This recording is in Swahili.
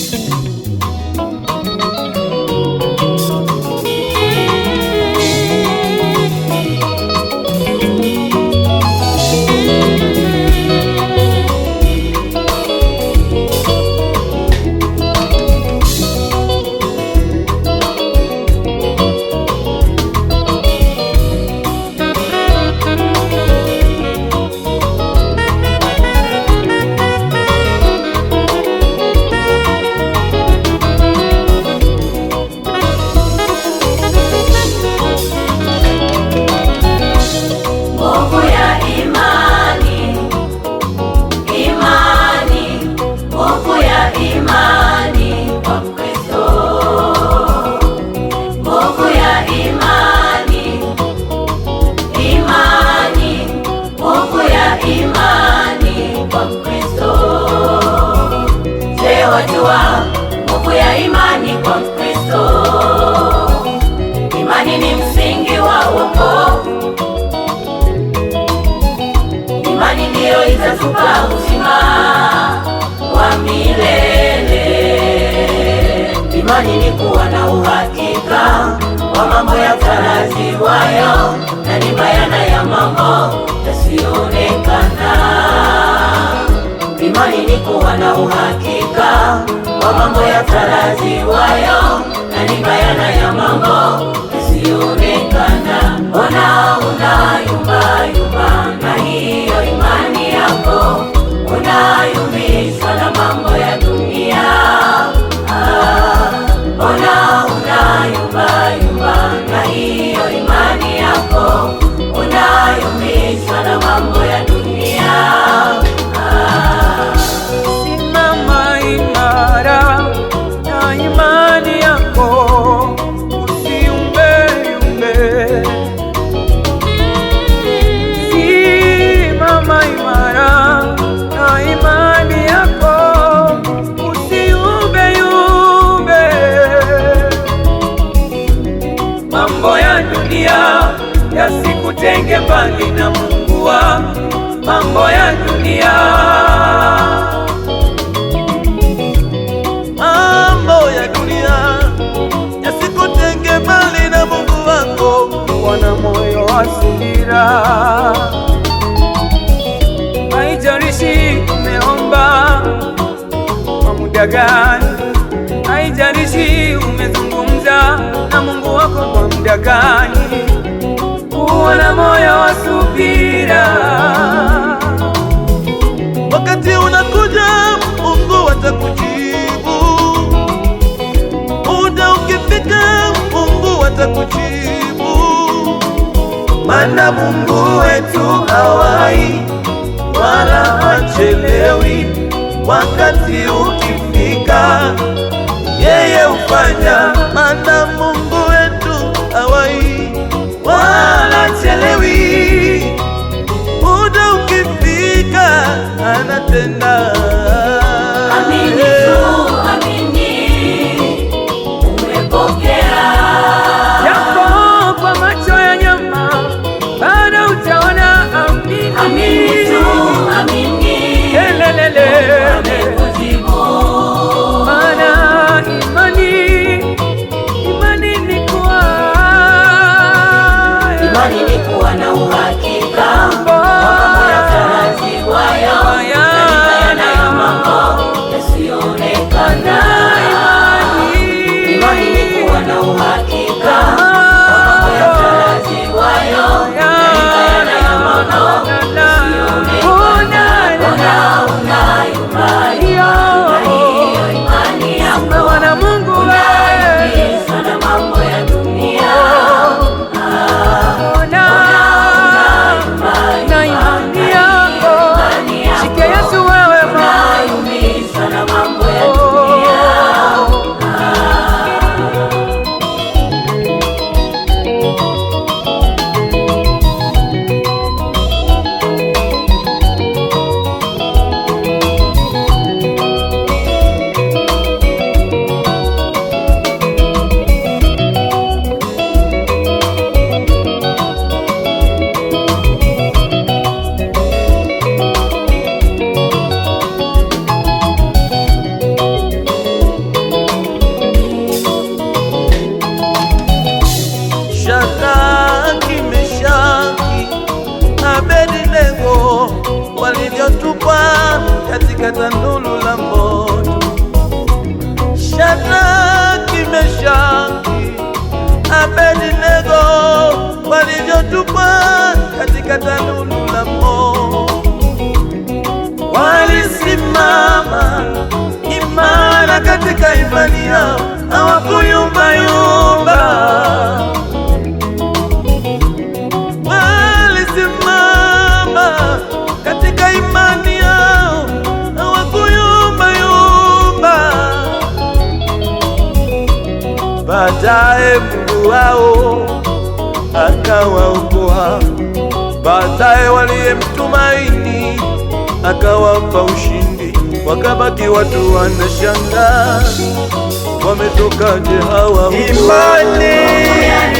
see wajua nguvu ya imani kwa Mkristo. Imani ni msingi wa wokovu, imani ndiyo itatupa uzima wa milele. Imani ni kuwa na uhakika wa mambo yatarajiwayo na ni bayana ya mambo ni kuwa na uhakika wa mambo yatarajiwayo na ni bayana ya mambo isiyoonekana. Ona unayumba hasira. Haijalishi umeomba kwa muda gani, haijalishi umezungumza na Mungu wako kwa muda gani, kuwa na moyo wa subira. Wakati unakuja, Mungu watakujibu. Muda ukifika, Mungu watakujibu. Maana Mungu wetu hawai wala hachelewi wakati uki kata nulu la moto, Shadraki, Meshaki, Abednego walivyotupwa katika tanulu la moto, walisimama imara katika imani yao. baadaye Mungu wao akawaokoa, baadaye waliyemtumaini akawapa ushindi, wakabaki watu wanashangaa, wametokaje hawa? Imani